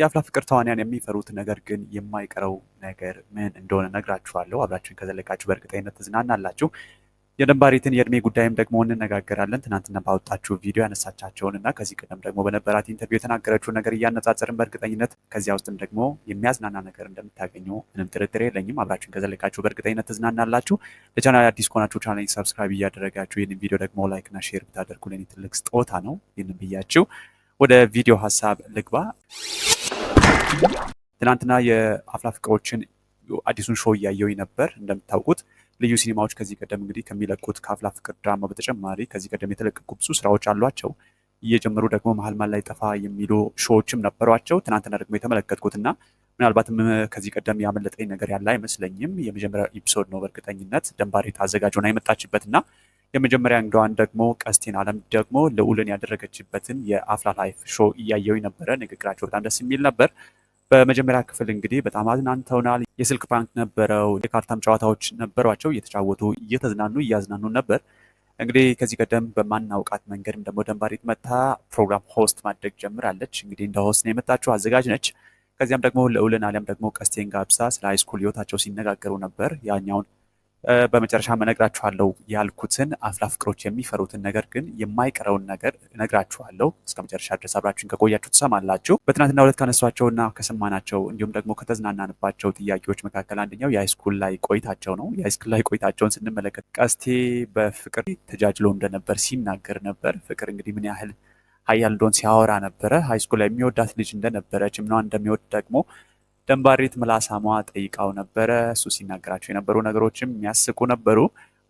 የአፍላ ፍቅር ተዋንያን የሚፈሩት ነገር ግን የማይቀረው ነገር ምን እንደሆነ ነግራችኋለሁ። አብራችሁን ከዘለቃችሁ በእርግጠኝነት ትዝናናላችሁ። የደንባሪትን የእድሜ ጉዳይም ደግሞ እንነጋገራለን። ትናንትና ባወጣችሁ ቪዲዮ ያነሳቻቸውን እና ከዚህ ቀደም ደግሞ በነበራት ኢንተርቪው የተናገረችውን ነገር እያነጻጸርን በእርግጠኝነት ከዚያ ውስጥም ደግሞ የሚያዝናና ነገር እንደምታገኙ ምንም ጥርጥር የለኝም። አብራችን ከዘለቃችሁ በእርግጠኝነት ትዝናናላችሁ። ለቻናል አዲስ ከሆናችሁ ቻናል ሰብስክራይብ እያደረጋችሁ ይህንን ቪዲዮ ደግሞ ላይክና ሼር ብታደርጉ ለእኔ ትልቅ ስጦታ ነው። ይህንን ብያችሁ ወደ ቪዲዮ ሀሳብ ልግባ። ትናንትና የአፍላ ፍቅሮችን አዲሱን ሾው እያየው ነበር። እንደምታውቁት ልዩ ሲኒማዎች ከዚህ ቀደም እንግዲህ ከሚለቁት ከአፍላ ፍቅር ድራማ በተጨማሪ ከዚህ ቀደም የተለቀቁ ብዙ ስራዎች አሏቸው። እየጀመሩ ደግሞ መሀል መሀል ላይ ጠፋ የሚሉ ሾዎችም ነበሯቸው። ትናንትና ደግሞ የተመለከትኩትና ምናልባትም ከዚህ ቀደም ያመለጠኝ ነገር ያለ አይመስለኝም። የመጀመሪያው ኢፒሶድ ነው በእርግጠኝነት ደንባሬ ታዘጋጅ ሆና የመጣችበትና የመጀመሪያ እንግዷን ደግሞ ቀስቴን አለም ደግሞ ልዑልን ያደረገችበትን የአፍላ ላይፍ ሾ እያየው ነበረ። ንግግራቸው በጣም ደስ የሚል ነበር። በመጀመሪያ ክፍል እንግዲህ በጣም አዝናንተውናል። የስልክ ፕራንክ ነበረው፣ የካርታም ጨዋታዎች ነበሯቸው። እየተጫወቱ እየተዝናኑ እያዝናኑ ነበር። እንግዲህ ከዚህ ቀደም በማናውቃት መንገድም ደግሞ ደንባሪት መታ ፕሮግራም ሆስት ማድረግ ጀምራለች። እንግዲህ እንደ ሆስት ነው የመጣችው፣ አዘጋጅ ነች። ከዚያም ደግሞ ልዑልን አሊያም ደግሞ ቀስቴን ጋብዛ ስለ ሃይስኩል ህይወታቸው ሲነጋገሩ ነበር ያኛውን በመጨረሻ እነግራችኋለሁ ያልኩትን አፍላ ፍቅሮች የሚፈሩትን ነገር ግን የማይቀረውን ነገር እነግራችኋለሁ። እስከ መጨረሻ ድረስ አብራችሁን ከቆያችሁ ትሰማላችሁ። በትናንትና ሁለት ካነሷቸውና ከሰማናቸው እንዲሁም ደግሞ ከተዝናናንባቸው ጥያቄዎች መካከል አንደኛው የሃይስኩል ላይ ቆይታቸው ነው። የሃይስኩል ላይ ቆይታቸውን ስንመለከት ቀስቴ በፍቅር ተጃጅሎ እንደነበር ሲናገር ነበር። ፍቅር እንግዲህ ምን ያህል ሀያል እንደሆን ሲያወራ ነበረ። ሃይስኩል ላይ የሚወዳት ልጅ እንደነበረች ምናዋ እንደሚወድ ደግሞ ደንባሪት ምላሳሟ ጠይቃው ነበረ። እሱ ሲናገራቸው የነበሩ ነገሮችም የሚያስቁ ነበሩ።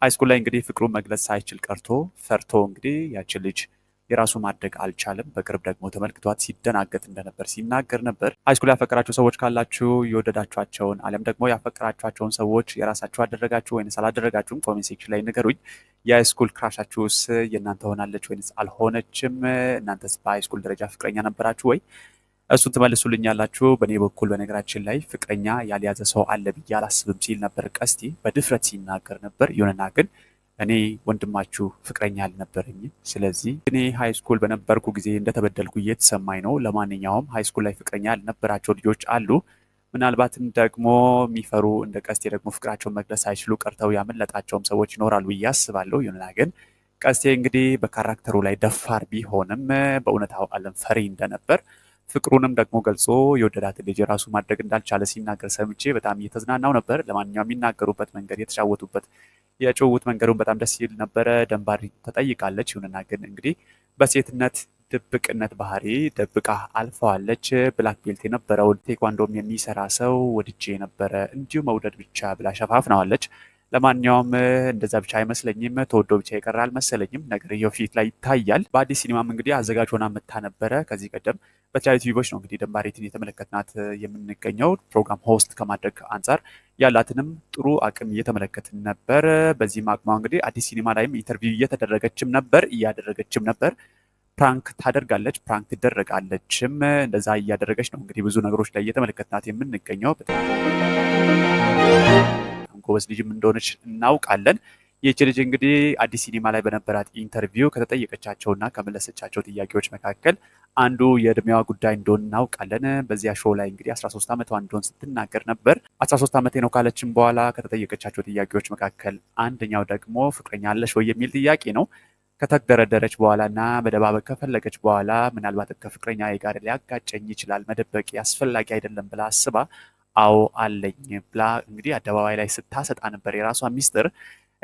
ሃይስኩል ላይ እንግዲህ ፍቅሩን መግለጽ ሳይችል ቀርቶ ፈርቶ እንግዲህ ያችን ልጅ የራሱ ማድረግ አልቻለም። በቅርብ ደግሞ ተመልክቷት ሲደናገጥ እንደነበር ሲናገር ነበር። ሃይስኩል ያፈቀራቸው ሰዎች ካላችሁ የወደዳችኋቸውን፣ አለም ደግሞ ያፈቀራችኋቸውን ሰዎች የራሳችሁ አደረጋችሁ ወይንስ አላደረጋችሁም? ኮሜንት ሴክሽን ላይ ንገሩኝ። የሃይስኩል ክራሻችሁስ የእናንተ ሆናለች ወይንስ አልሆነችም? እናንተስ በሃይስኩል ደረጃ ፍቅረኛ ነበራችሁ ወይ? እሱን ትመልሱልኛላችሁ። በእኔ በኩል በነገራችን ላይ ፍቅረኛ ያልያዘ ሰው አለ ብዬ አላስብም ሲል ነበር ቀስቴ በድፍረት ሲናገር ነበር። ይሁንና ግን እኔ ወንድማችሁ ፍቅረኛ አልነበረኝም። ስለዚህ እኔ ሃይስኩል በነበርኩ ጊዜ እንደተበደልኩ እየተሰማኝ ነው። ለማንኛውም ሃይስኩል ላይ ፍቅረኛ ያልነበራቸው ልጆች አሉ። ምናልባትም ደግሞ የሚፈሩ እንደ ቀስቴ ደግሞ ፍቅራቸውን መግለጽ አይችሉ ቀርተው ያመለጣቸውም ሰዎች ይኖራሉ ብዬ አስባለሁ። ይሁንና ግን ቀስቴ እንግዲህ በካራክተሩ ላይ ደፋር ቢሆንም በእውነታው ዓለም ፈሪ እንደነበር ፍቅሩንም ደግሞ ገልጾ የወደዳት ልጅ የራሱ ማድረግ እንዳልቻለ ሲናገር ሰምቼ በጣም እየተዝናናው ነበር። ለማንኛውም የሚናገሩበት መንገድ፣ የተጫወቱበት የጭውውት መንገዱን በጣም ደስ ይል ነበረ። ደንባሪ ተጠይቃለች። ይሁንና ግን እንግዲህ በሴትነት ድብቅነት ባህሪ ደብቃ አልፈዋለች። ብላክ ቤልት የነበረውን ቴኳንዶም የሚሰራ ሰው ወድጄ የነበረ እንዲሁ መውደድ ብቻ ብላ ሸፋፍናዋለች። ለማንኛውም እንደዛ ብቻ አይመስለኝም። ተወዶ ብቻ የቀረ አልመሰለኝም። ነገርየው ፊት ላይ ይታያል። በአዲስ ሲኒማም እንግዲህ አዘጋጅ ሆና መታ ነበረ። ከዚህ ቀደም በተለያዩ ቲቪዎች ነው እንግዲህ ደንባሬትን የተመለከትናት የምንገኘው ፕሮግራም ሆስት ከማድረግ አንጻር ያላትንም ጥሩ አቅም እየተመለከትን ነበር። በዚህም አቅሟ እንግዲህ አዲስ ሲኒማ ላይም ኢንተርቪው እየተደረገችም ነበር እያደረገችም ነበር ፕራንክ ታደርጋለች፣ ፕራንክ ትደረጋለችም። እንደዛ እያደረገች ነው እንግዲህ ብዙ ነገሮች ላይ እየተመለከትናት የምንገኘው። ጎበዝ ልጅም እንደሆነች እናውቃለን። ይህች ልጅ እንግዲህ አዲስ ሲኒማ ላይ በነበራት ኢንተርቪው ከተጠየቀቻቸውና ከመለሰቻቸው ጥያቄዎች መካከል አንዱ የእድሜዋ ጉዳይ እንደሆን እናውቃለን። በዚያ ሾው ላይ እንግዲህ 13 ዓመቷ እንደሆን ስትናገር ነበር። 13 ዓመቴ ነው ካለችም በኋላ ከተጠየቀቻቸው ጥያቄዎች መካከል አንደኛው ደግሞ ፍቅረኛ አለሽ ወይ የሚል ጥያቄ ነው። ከተደረደረች በኋላ እና መደባበቅ ከፈለገች በኋላ ምናልባት ከፍቅረኛ ጋር ሊያጋጨኝ ይችላል፣ መደበቅ አስፈላጊ አይደለም ብላ አስባ አዎ አለኝ ብላ እንግዲህ አደባባይ ላይ ስታሰጣ ነበር የራሷ ሚስጥር።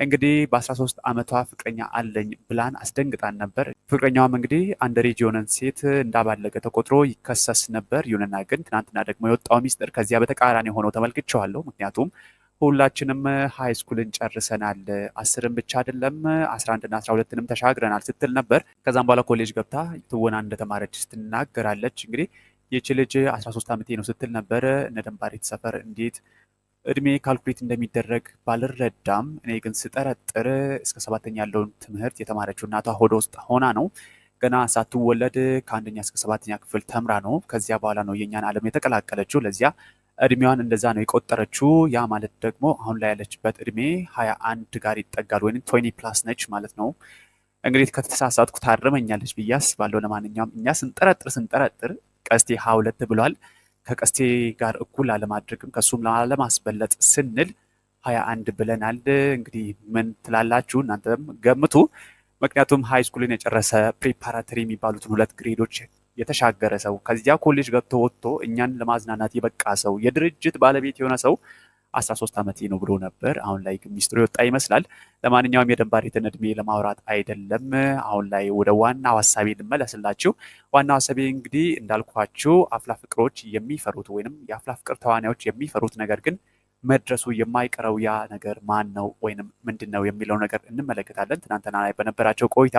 እንግዲህ በ13 ዓመቷ ፍቅረኛ አለኝ ብላን አስደንግጣን ነበር። ፍቅረኛዋም እንግዲህ አንደሬጅ የሆነን ሴት እንዳባለገ ተቆጥሮ ይከሰስ ነበር። ይሁንና ግን ትናንትና ደግሞ የወጣው ሚስጥር ከዚያ በተቃራኒ ሆኖ ተመልክቼዋለሁ። ምክንያቱም ሁላችንም ሀይ ስኩልን ጨርሰናል፣ አስርም ብቻ አይደለም አስራ አንድና አስራ ሁለትንም ተሻግረናል ስትል ነበር። ከዛም በኋላ ኮሌጅ ገብታ ትወና እንደተማረች ትናገራለች እንግዲህ ይቺ ልጅ 13 ዓመቴ ነው ስትል ነበረ። እነ ደንባሪት ሰፈር እንዴት እድሜ ካልኩሌት እንደሚደረግ ባልረዳም፣ እኔ ግን ስጠረጥር እስከ ሰባተኛ ያለውን ትምህርት የተማረችው እናቷ ሆዶ ውስጥ ሆና ነው። ገና ሳትወለድ ከአንደኛ እስከ ሰባተኛ ክፍል ተምራ ነው። ከዚያ በኋላ ነው የእኛን ዓለም የተቀላቀለችው። ለዚያ እድሜዋን እንደዛ ነው የቆጠረችው። ያ ማለት ደግሞ አሁን ላይ ያለችበት እድሜ ሀያ አንድ ጋር ይጠጋል ወይም ቶኒ ፕላስ ነች ማለት ነው። እንግዲህ ከተሳሳትኩ ታርመኛለች ብዬ አስባለሁ። ለማንኛውም እኛ ስንጠረጥር ስንጠረጥር ቀስቴ ሀ ሁለት ብሏል። ከቀስቴ ጋር እኩል አለማድረግም ከሱም ለማስበለጥ ስንል ሀያ አንድ ብለናል። እንግዲህ ምን ትላላችሁ? እናንተም ገምቱ። ምክንያቱም ሃይስኩልን የጨረሰ ፕሪፓራተሪ የሚባሉትን ሁለት ግሬዶች የተሻገረ ሰው ከዚያ ኮሌጅ ገብቶ ወጥቶ እኛን ለማዝናናት የበቃ ሰው የድርጅት ባለቤት የሆነ ሰው 13 ዓመቴ ነው ብሎ ነበር። አሁን ላይ ሚስጥሩ የወጣ ይመስላል። ለማንኛውም የደንባሬትን እድሜ ለማውራት አይደለም። አሁን ላይ ወደ ዋናው ሀሳቤ ልመለስላችሁ። ዋናው ሀሳቤ እንግዲህ እንዳልኳችሁ አፍላ ፍቅሮች የሚፈሩት ወይንም የአፍላ ፍቅር ተዋናዮች የሚፈሩት ነገር ግን መድረሱ የማይቀረው ያ ነገር ማን ነው ወይንም ምንድን ነው የሚለው ነገር እንመለከታለን። ትናንትና ላይ በነበራቸው ቆይታ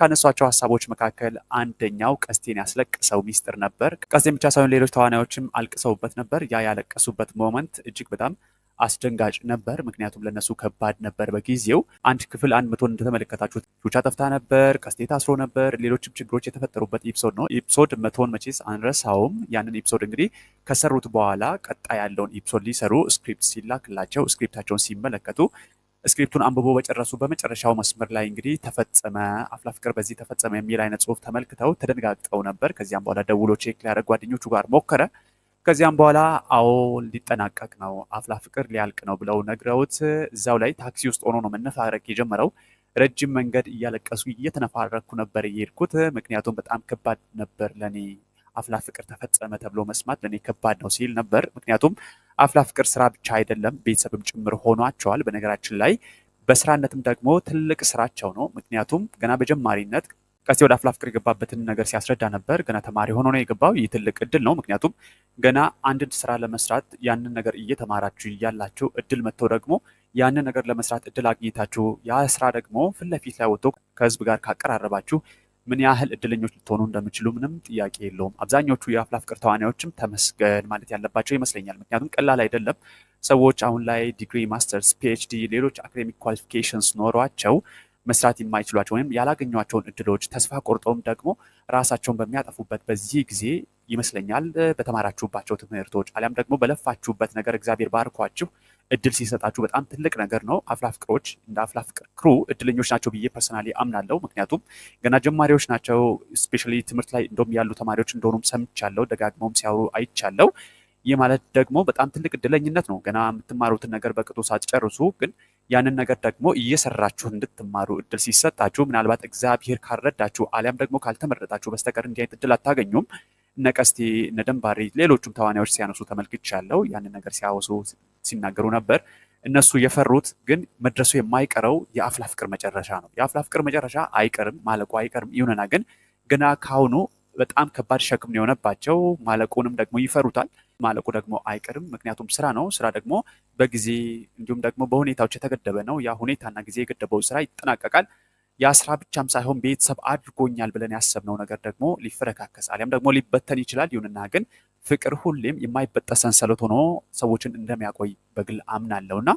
ካነሷቸው ሀሳቦች መካከል አንደኛው ቀስቴን ያስለቅሰው ሚስጥር ነበር። ቀስቴን ብቻ ሳይሆን ሌሎች ተዋናዮችም አልቅሰውበት ነበር። ያ ያለቀሱበት ሞመንት እጅግ በጣም አስደንጋጭ ነበር። ምክንያቱም ለነሱ ከባድ ነበር። በጊዜው አንድ ክፍል አንድ መቶን እንደተመለከታችሁት ቹቻ ጠፍታ ነበር፣ ቀስቴ ታስሮ ነበር፣ ሌሎችም ችግሮች የተፈጠሩበት ኤፒሶድ ነው። ኤፒሶድ መቶን መቼስ አንረሳውም። ያንን ኤፒሶድ እንግዲህ ከሰሩት በኋላ ቀጣ ያለውን ኤፒሶድ ሊሰሩ ስክሪፕት ሲላክላቸው ስክሪፕታቸውን ሲመለከቱ ስክሪፕቱን አንብቦ በጨረሱ በመጨረሻው መስመር ላይ እንግዲህ ተፈጸመ፣ አፍላ ፍቅር በዚህ ተፈጸመ የሚል አይነት ጽሁፍ ተመልክተው ተደንጋግጠው ነበር። ከዚያም በኋላ ደውሎ ቼክ ሊያደርግ ጓደኞቹ ጋር ሞከረ። ከዚያም በኋላ አዎ ሊጠናቀቅ ነው፣ አፍላ ፍቅር ሊያልቅ ነው ብለው ነግረውት እዛው ላይ ታክሲ ውስጥ ሆኖ ነው መነፋረቅ የጀመረው። ረጅም መንገድ እያለቀሱ እየተነፋረኩ ነበር እየሄድኩት፣ ምክንያቱም በጣም ከባድ ነበር ለኔ አፍላ ፍቅር ተፈጸመ ተብሎ መስማት ለእኔ ከባድ ነው ሲል ነበር። ምክንያቱም አፍላ ፍቅር ስራ ብቻ አይደለም ቤተሰብም ጭምር ሆኗቸዋል። በነገራችን ላይ በስራነትም ደግሞ ትልቅ ስራቸው ነው። ምክንያቱም ገና በጀማሪነት ቀስቴ ወደ አፍላ ፍቅር የገባበትን ነገር ሲያስረዳ ነበር። ገና ተማሪ ሆኖ ነው የገባው። ይህ ትልቅ እድል ነው። ምክንያቱም ገና አንድን ስራ ለመስራት ያንን ነገር እየተማራችሁ እያላችሁ እድል መጥቶ ደግሞ ያንን ነገር ለመስራት እድል አግኝታችሁ ያ ስራ ደግሞ ፊት ለፊት ላይ ወጥቶ ከህዝብ ጋር ካቀራረባችሁ ምን ያህል እድለኞች ልትሆኑ እንደምችሉ ምንም ጥያቄ የለውም። አብዛኞቹ የአፍላ ፍቅር ተዋናዮችም ተመስገን ማለት ያለባቸው ይመስለኛል። ምክንያቱም ቀላል አይደለም። ሰዎች አሁን ላይ ዲግሪ፣ ማስተርስ፣ ፒኤችዲ ሌሎች አካዴሚክ ኳሊፊኬሽንስ ኖሯቸው መስራት የማይችሏቸው ወይም ያላገኟቸውን እድሎች ተስፋ ቆርጠውም ደግሞ ራሳቸውን በሚያጠፉበት በዚህ ጊዜ ይመስለኛል በተማራችሁባቸው ትምህርቶች አሊያም ደግሞ በለፋችሁበት ነገር እግዚአብሔር ባርኳችሁ እድል ሲሰጣችሁ በጣም ትልቅ ነገር ነው። አፍላፍቅሮች እንደ አፍላ ክሩ እድለኞች ናቸው ብዬ ፐርሰናሊ አምናለሁ። ምክንያቱም ገና ጀማሪዎች ናቸው። ስፔሻሊ ትምህርት ላይ እንደም ያሉ ተማሪዎች እንደሆኑም ሰምቻለሁ፣ ደጋግመውም ሲያወሩ አይቻለሁ። ይህ ማለት ደግሞ በጣም ትልቅ እድለኝነት ነው። ገና የምትማሩትን ነገር በቅጡ ሳትጨርሱ ግን ያንን ነገር ደግሞ እየሰራችሁ እንድትማሩ እድል ሲሰጣችሁ ምናልባት እግዚአብሔር ካልረዳችሁ አሊያም ደግሞ ካልተመረጣችሁ በስተቀር እንዲህ አይነት እድል አታገኙም። እነ ቀስቴ እነ ደንባሬ ሌሎቹም ተዋናዮች ሲያነሱ ተመልክቻለሁ። ያንን ነገር ሲያወሱ ሲናገሩ ነበር። እነሱ የፈሩት ግን መድረሱ የማይቀረው የአፍላ ፍቅር መጨረሻ ነው። የአፍላ ፍቅር መጨረሻ አይቀርም፣ ማለቁ አይቀርም። ይሁንና ግን ገና ከአሁኑ በጣም ከባድ ሸክም ነው የሆነባቸው። ማለቁንም ደግሞ ይፈሩታል። ማለቁ ደግሞ አይቀርም። ምክንያቱም ስራ ነው። ስራ ደግሞ በጊዜ እንዲሁም ደግሞ በሁኔታዎች የተገደበ ነው። ያ ሁኔታና ጊዜ የገደበው ስራ ይጠናቀቃል። ያ ስራ ብቻም ሳይሆን ቤተሰብ አድርጎኛል ብለን ያሰብነው ነገር ደግሞ ሊፈረካከስ አሊያም ደግሞ ሊበተን ይችላል። ይሁንና ግን ፍቅር ሁሌም የማይበጠስ ሰንሰለት ሆኖ ሰዎችን እንደሚያቆይ በግል አምናለሁ እና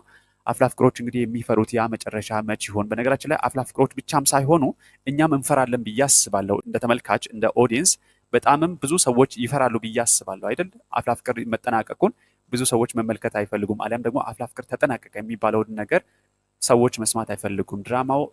አፍላ ፍቅሮች እንግዲህ የሚፈሩት ያ መጨረሻ መች ይሆን? በነገራችን ላይ አፍላ ፍቅሮች ብቻም ሳይሆኑ እኛም እንፈራለን ብዬ አስባለሁ እንደ ተመልካች እንደ ኦዲየንስ በጣምም ብዙ ሰዎች ይፈራሉ ብዬ አስባለሁ። አይደል አፍላ ፍቅር መጠናቀቁን ብዙ ሰዎች መመልከት አይፈልጉም። አሊያም ደግሞ አፍላ ፍቅር ተጠናቀቀ የሚባለውን ነገር ሰዎች መስማት አይፈልጉም። ድራማው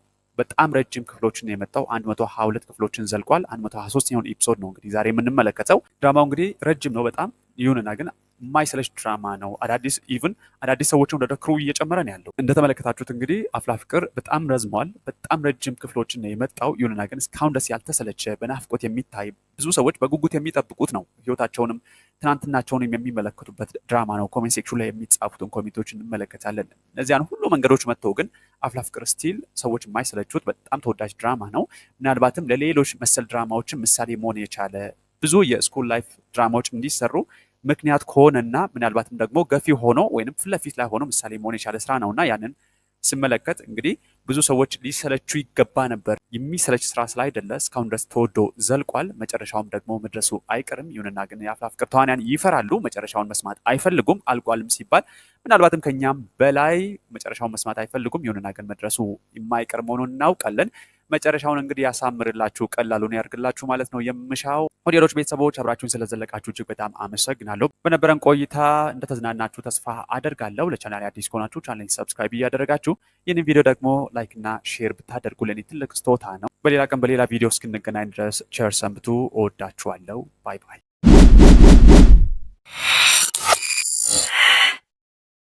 በጣም ረጅም ክፍሎችን የመጣው 122 ክፍሎችን ዘልቋል። 123 የሆነ ኤፒሶድ ነው እንግዲህ ዛሬ የምንመለከተው። ድራማው እንግዲህ ረጅም ነው በጣም ይሁንና ግን የማይሰለች ድራማ ነው። አዳዲስ ኢቭን አዳዲስ ሰዎችን ወደ ክሩ እየጨመረ ነው ያለው። እንደተመለከታችሁት እንግዲህ አፍላ ፍቅር በጣም ረዝሟል። በጣም ረጅም ክፍሎችን ነው የመጣው። ይሁንና ግን እስካሁን ደስ ያልተሰለቸ በናፍቆት የሚታይ ብዙ ሰዎች በጉጉት የሚጠብቁት ነው። ህይወታቸውንም ትናንትናቸውንም የሚመለከቱበት ድራማ ነው። ኮሜንት ሴክሽን ላይ የሚጻፉትን ኮሜንቶች እንመለከታለን። እነዚያን ሁሉ መንገዶች መጥተው ግን አፍላ ፍቅር ስቲል ሰዎች የማይሰለችሁት በጣም ተወዳጅ ድራማ ነው። ምናልባትም ለሌሎች መሰል ድራማዎችን ምሳሌ መሆን የቻለ ብዙ የስኩል ላይፍ ድራማዎች እንዲሰሩ ምክንያት ከሆነና ምናልባትም ደግሞ ገፊ ሆኖ ወይም ፊት ለፊት ላይ ሆኖ ምሳሌ መሆን የቻለ ስራ ነውና ያንን ስመለከት እንግዲህ ብዙ ሰዎች ሊሰለቹ ይገባ ነበር። የሚሰለች ስራ ስላይደለ እስካሁን ድረስ ተወዶ ዘልቋል። መጨረሻውም ደግሞ መድረሱ አይቀርም። ይሁንና ግን የአፍላ ፍቅር ተዋንያን ይፈራሉ። መጨረሻውን መስማት አይፈልጉም። አልቋልም ሲባል ምናልባትም ከኛም በላይ መጨረሻውን መስማት አይፈልጉም። ይሁንና ግን መድረሱ የማይቀር መሆኑን እናውቃለን። መጨረሻውን እንግዲህ ያሳምርላችሁ፣ ቀላሉን ያርግላችሁ ማለት ነው የምሻው። ሌሎች ቤተሰቦች አብራችሁን ስለዘለቃችሁ እጅግ በጣም አመሰግናለሁ። በነበረን ቆይታ እንደተዝናናችሁ ተስፋ አደርጋለሁ። ለቻናል አዲስ ከሆናችሁ ቻናል ሰብስክራይብ እያደረጋችሁ ይህንን ቪዲዮ ደግሞ ላይክና ሼር ብታደርጉ ለእኔ ትልቅ ስጦታ ነው። በሌላ ቀን በሌላ ቪዲዮ እስክንገናኝ ድረስ ቸር ሰንብቱ። እወዳችኋለሁ። ባይ ባይ።